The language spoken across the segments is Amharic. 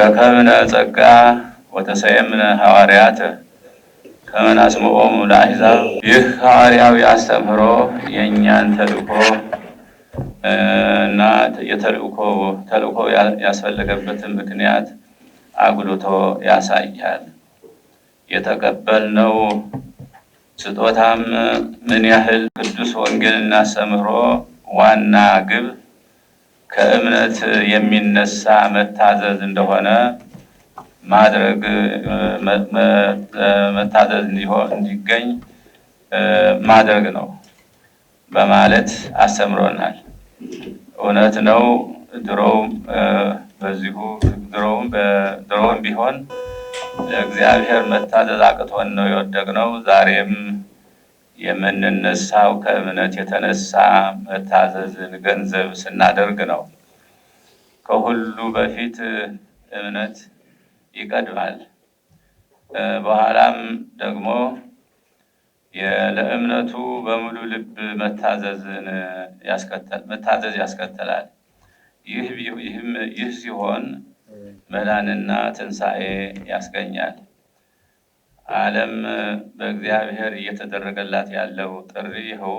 ረከብነ ጸጋ ወተሰየምነ ሐዋርያት ከመናስምዖሙ ለአሕዛብ። ይህ ሐዋርያዊ አስተምህሮ የእኛን ተልእኮ እና የተልእኮ ተልእኮ ያስፈለገበትን ምክንያት አጉልቶ ያሳያል። የተቀበልነው ስጦታም ምን ያህል ቅዱስ ወንጌልና አስተምህሮ ዋና ግብ ከእምነት የሚነሳ መታዘዝ እንደሆነ ማድረግ መታዘዝ እንዲገኝ ማድረግ ነው በማለት አስተምሮናል። እውነት ነው። ድሮውም በዚሁ ድሮውም ቢሆን ለእግዚአብሔር መታዘዝ አቅቶን ነው የወደቅነው። ዛሬም የምንነሳው ከእምነት የተነሳ መታዘዝን ገንዘብ ስናደርግ ነው። ከሁሉ በፊት እምነት ይቀድማል። በኋላም ደግሞ ለእምነቱ በሙሉ ልብ መታዘዝን መታዘዝ ያስከተላል። ይህ ሲሆን መዳንና ትንሣኤ ያስገኛል። ዓለም በእግዚአብሔር እየተደረገላት ያለው ጥሪ ይኸው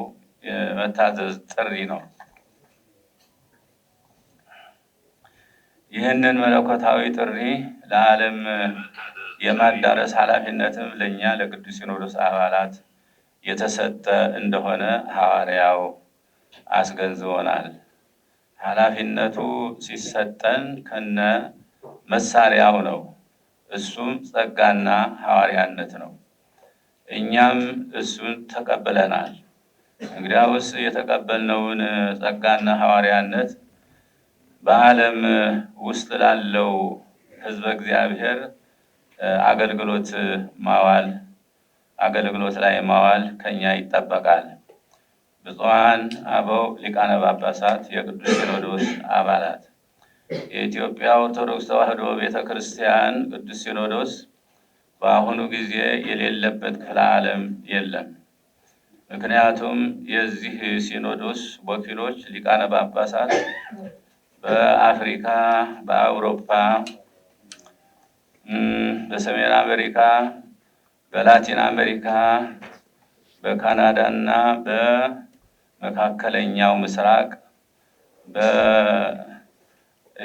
የመታዘዝ ጥሪ ነው። ይህንን መለኮታዊ ጥሪ ለዓለም የማዳረስ ኃላፊነትም ለእኛ ለቅዱስ ሲኖዶስ አባላት የተሰጠ እንደሆነ ሐዋርያው አስገንዝቦናል። ኃላፊነቱ ሲሰጠን ከነ መሳሪያው ነው። እሱም ጸጋና ሐዋርያነት ነው። እኛም እሱን ተቀብለናል። እንግዲያውስ የተቀበልነውን ጸጋና ሐዋርያነት በዓለም ውስጥ ላለው ሕዝበ እግዚአብሔር አገልግሎት ማዋል አገልግሎት ላይ ማዋል ከኛ ይጠበቃል። ብፁዓን አበው ሊቃነ ጳጳሳት፣ የቅዱስ ሲኖዶስ አባላት የኢትዮጵያ ኦርቶዶክስ ተዋሕዶ ቤተ ክርስቲያን ቅዱስ ሲኖዶስ በአሁኑ ጊዜ የሌለበት ክፍለ ዓለም የለም። ምክንያቱም የዚህ ሲኖዶስ ወኪሎች ሊቃነ ጳጳሳት በአፍሪካ፣ በአውሮፓ፣ በሰሜን አሜሪካ፣ በላቲን አሜሪካ፣ በካናዳ እና በመካከለኛው ምስራቅ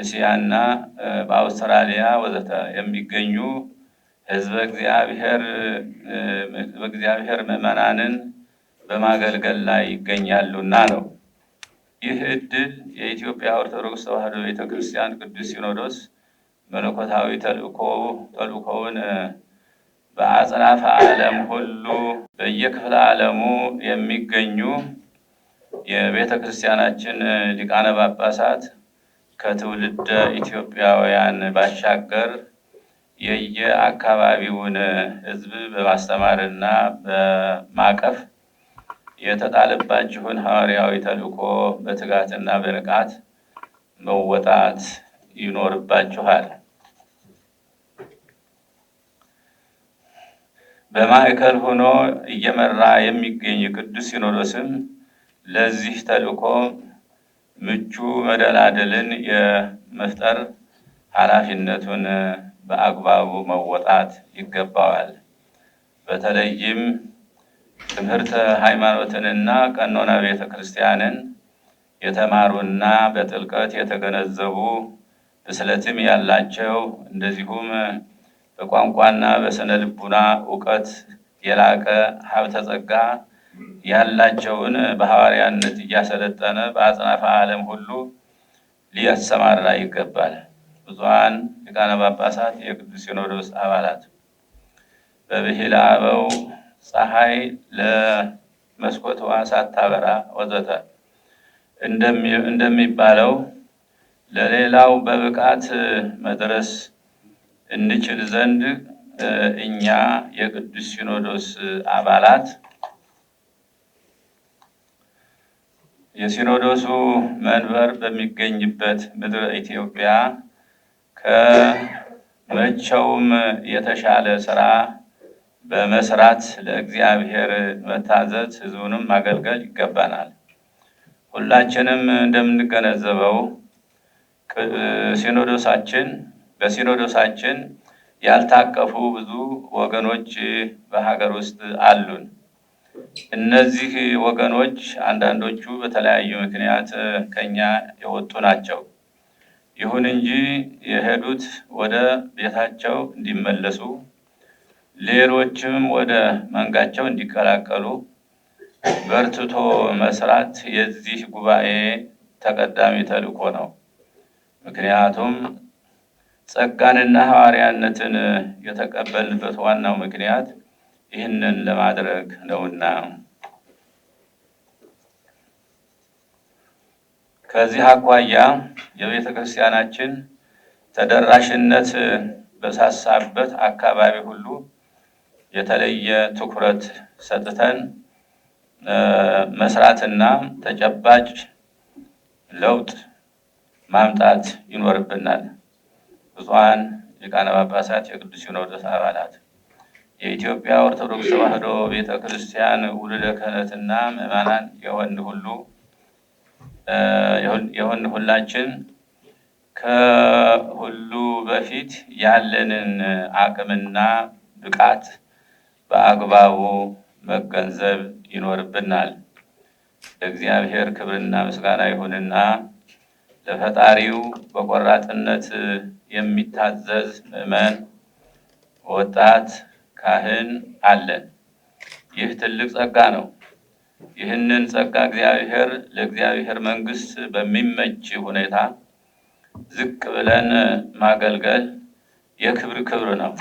እስያና በአውስትራሊያ ወዘተ የሚገኙ ህዝበ እግዚአብሔር በእግዚአብሔር ምዕመናንን በማገልገል ላይ ይገኛሉና ነው። ይህ እድል የኢትዮጵያ ኦርቶዶክስ ተዋሕዶ ቤተክርስቲያን ቅዱስ ሲኖዶስ መለኮታዊ ተልእኮውን በአጽናፈ ዓለም ሁሉ በየክፍለ ዓለሙ የሚገኙ የቤተክርስቲያናችን ሊቃነ ጳጳሳት ከትውልደ ኢትዮጵያውያን ባሻገር የየአካባቢውን ሕዝብ በማስተማርና በማቀፍ የተጣለባችሁን ሐዋርያዊ ተልእኮ በትጋትና በንቃት መወጣት ይኖርባችኋል። በማዕከል ሆኖ እየመራ የሚገኝ ቅዱስ ሲኖዶስም ለዚህ ተልእኮ ምቹ መደላደልን የመፍጠር ኃላፊነቱን በአግባቡ መወጣት ይገባዋል። በተለይም ትምህርተ ሃይማኖትንና ቀኖና ቤተ ክርስቲያንን የተማሩና በጥልቀት የተገነዘቡ ብስለትም ያላቸው እንደዚሁም በቋንቋና በስነ ልቡና እውቀት የላቀ ሀብተ ጸጋ ያላቸውን በሐዋርያነት እያሰለጠነ በአጽናፈ ዓለም ሁሉ ሊያሰማራ ይገባል። ብዙሀን ሊቃነ ጳጳሳት፣ የቅዱስ ሲኖዶስ አባላት በብሂል አበው ፀሐይ ለመስኮትዋ ሳታበራ ወዘተ እንደሚባለው ለሌላው በብቃት መድረስ እንችል ዘንድ እኛ የቅዱስ ሲኖዶስ አባላት የሲኖዶሱ መንበር በሚገኝበት ምድረ ኢትዮጵያ ከመቼውም የተሻለ ስራ በመስራት ለእግዚአብሔር መታዘዝ፣ ህዝቡንም ማገልገል ይገባናል። ሁላችንም እንደምንገነዘበው ሲኖዶሳችን በሲኖዶሳችን ያልታቀፉ ብዙ ወገኖች በሀገር ውስጥ አሉን። እነዚህ ወገኖች አንዳንዶቹ በተለያዩ ምክንያት ከኛ የወጡ ናቸው። ይሁን እንጂ የሄዱት ወደ ቤታቸው እንዲመለሱ፣ ሌሎችም ወደ መንጋቸው እንዲቀላቀሉ በርትቶ መስራት የዚህ ጉባኤ ተቀዳሚ ተልእኮ ነው። ምክንያቱም ጸጋንና ሐዋርያነትን የተቀበልንበት ዋናው ምክንያት ይህንን ለማድረግ ነውና ከዚህ አኳያ የቤተ ክርስቲያናችን ተደራሽነት በሳሳበት አካባቢ ሁሉ የተለየ ትኩረት ሰጥተን መስራትና ተጨባጭ ለውጥ ማምጣት ይኖርብናል። ብፁዓን ሊቃነ ጳጳሳት፣ የቅዱስ ሲኖዶስ አባላት የኢትዮጵያ ኦርቶዶክስ ተዋሕዶ ቤተ ክርስቲያን ውሉደ ክህነትና ምዕመናን ሁሉ የሆን ሁላችን ከሁሉ በፊት ያለንን አቅምና ብቃት በአግባቡ መገንዘብ ይኖርብናል። ለእግዚአብሔር ክብርና ምስጋና ይሁንና ለፈጣሪው በቆራጥነት የሚታዘዝ ምዕመን ወጣት ካህን አለን። ይህ ትልቅ ጸጋ ነው። ይህንን ጸጋ እግዚአብሔር ለእግዚአብሔር መንግሥት በሚመች ሁኔታ ዝቅ ብለን ማገልገል የክብር ክብር ነው።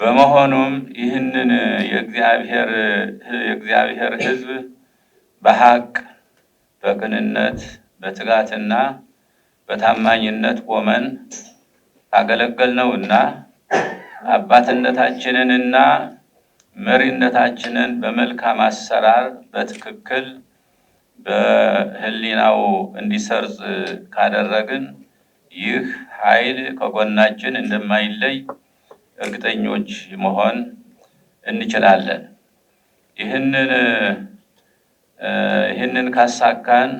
በመሆኑም ይህንን የእግዚአብሔር ሕዝብ በሀቅ በቅንነት በትጋትና በታማኝነት ቆመን ካገለገልነውና አባትነታችንንና መሪነታችንን በመልካም አሰራር በትክክል በህሊናው እንዲሰርጽ ካደረግን ይህ ኃይል ከጎናችን እንደማይለይ እርግጠኞች መሆን እንችላለን። ይህንን ካሳካን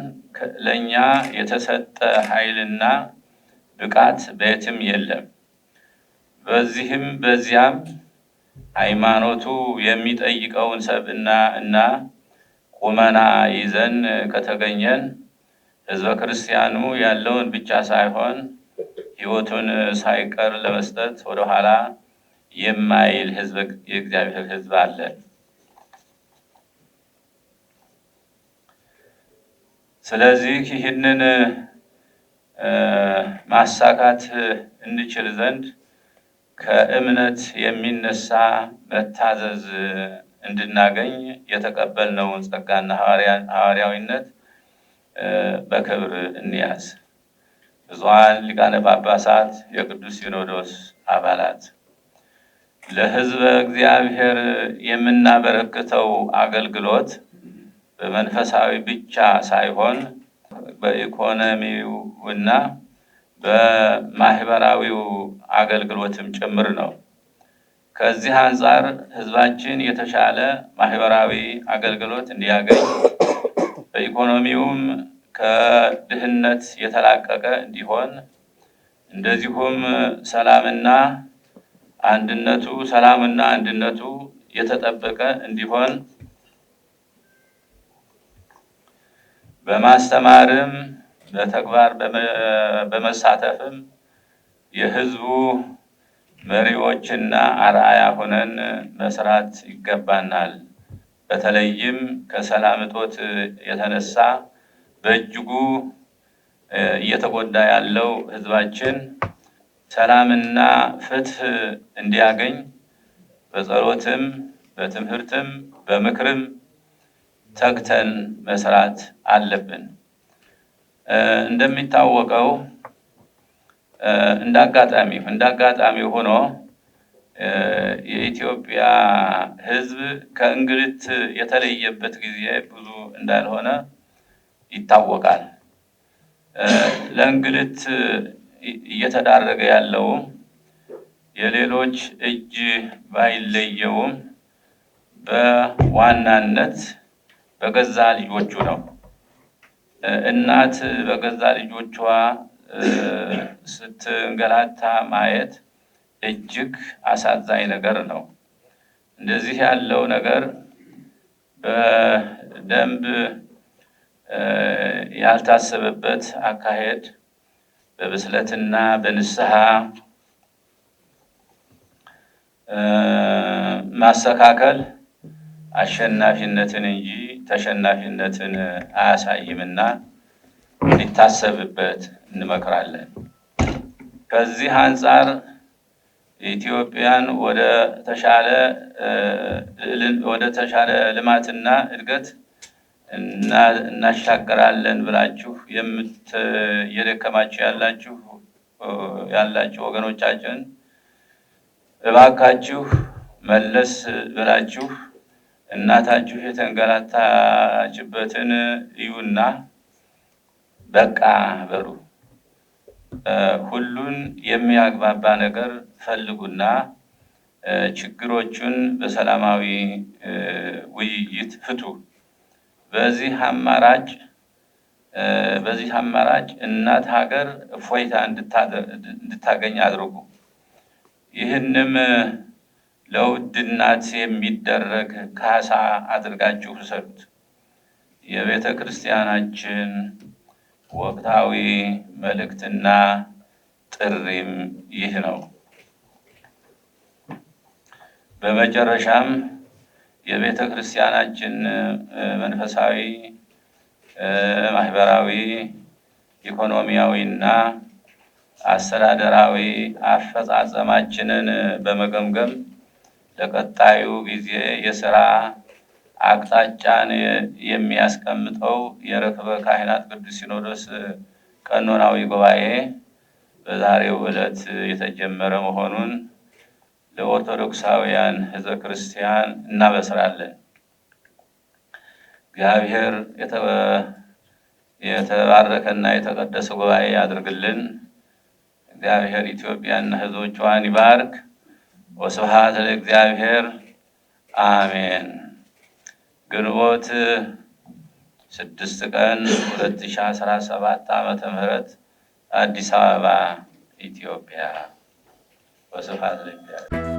ለእኛ የተሰጠ ኃይልና ብቃት በየትም የለም። በዚህም በዚያም ሃይማኖቱ የሚጠይቀውን ሰብና እና ቁመና ይዘን ከተገኘን ህዝበ ክርስቲያኑ ያለውን ብቻ ሳይሆን ህይወቱን ሳይቀር ለመስጠት ወደኋላ የማይል የእግዚአብሔር ህዝብ አለ። ስለዚህ ይህንን ማሳካት እንችል ዘንድ ከእምነት የሚነሳ መታዘዝ እንድናገኝ የተቀበልነውን ጸጋና ሐዋርያዊነት በክብር እንያዝ። ብዙኃን ሊቃነ ጳጳሳት፣ የቅዱስ ሲኖዶስ አባላት ለሕዝበ እግዚአብሔር የምናበረክተው አገልግሎት በመንፈሳዊ ብቻ ሳይሆን በኢኮኖሚው እና በማህበራዊው አገልግሎትም ጭምር ነው። ከዚህ አንጻር ህዝባችን የተሻለ ማህበራዊ አገልግሎት እንዲያገኝ በኢኮኖሚውም ከድህነት የተላቀቀ እንዲሆን እንደዚሁም ሰላምና አንድነቱ ሰላምና አንድነቱ የተጠበቀ እንዲሆን በማስተማርም በተግባር በመሳተፍም የህዝቡ መሪዎችና አርአያ ሆነን መስራት ይገባናል። በተለይም ከሰላም እጦት የተነሳ በእጅጉ እየተጎዳ ያለው ህዝባችን ሰላምና ፍትህ እንዲያገኝ በጸሎትም፣ በትምህርትም፣ በምክርም ተግተን መስራት አለብን። እንደሚታወቀው እንዳጋጣሚ እንዳጋጣሚ ሆኖ የኢትዮጵያ ሕዝብ ከእንግልት የተለየበት ጊዜ ብዙ እንዳልሆነ ይታወቃል። ለእንግልት እየተዳረገ ያለውም የሌሎች እጅ ባይለየውም በዋናነት በገዛ ልጆቹ ነው። እናት በገዛ ልጆቿ ስትንገላታ ማየት እጅግ አሳዛኝ ነገር ነው። እንደዚህ ያለው ነገር በደንብ ያልታሰበበት አካሄድ በብስለትና በንስሐ ማስተካከል አሸናፊነትን እንጂ ተሸናፊነትን አያሳይምና ሊታሰብበት እንመክራለን። ከዚህ አንጻር ኢትዮጵያን ወደ ተሻለ ልማትና እድገት እናሻገራለን ብላችሁ እየደከማችሁ ያላችሁ ያላችሁ ወገኖቻችን እባካችሁ መለስ ብላችሁ እናታችሁ የተንገላታችበትን እዩና በቃ በሉ። ሁሉን የሚያግባባ ነገር ፈልጉና ችግሮቹን በሰላማዊ ውይይት ፍቱ። በዚህ አማራጭ በዚህ አማራጭ እናት ሀገር እፎይታ እንድታገኝ አድርጉ። ይህንም ለውድ እናት የሚደረግ ካሳ አድርጋችሁ ሰዱት። የቤተ ክርስቲያናችን ወቅታዊ መልእክትና ጥሪም ይህ ነው። በመጨረሻም የቤተ ክርስቲያናችን መንፈሳዊ፣ ማህበራዊ፣ ኢኮኖሚያዊና አስተዳደራዊ አፈጻጸማችንን በመገምገም ለቀጣዩ ጊዜ የስራ አቅጣጫን የሚያስቀምጠው የርክበ ካህናት ቅዱስ ሲኖዶስ ቀኖናዊ ጉባኤ በዛሬው ዕለት የተጀመረ መሆኑን ለኦርቶዶክሳውያን ሕዝበ ክርስቲያን እናበስራለን። እግዚአብሔር የተባረከና የተቀደሰ ጉባኤ ያድርግልን። እግዚአብሔር ኢትዮጵያና ሕዝቦቿን ይባርክ። ወስብሐት ለእግዚአብሔር አሜን። ግንቦት ስድስት ቀን ሁለት ሺ ዓመተ ምህረት አዲስ አበባ ኢትዮጵያ። ወስብሐት ለእግዚአብሔር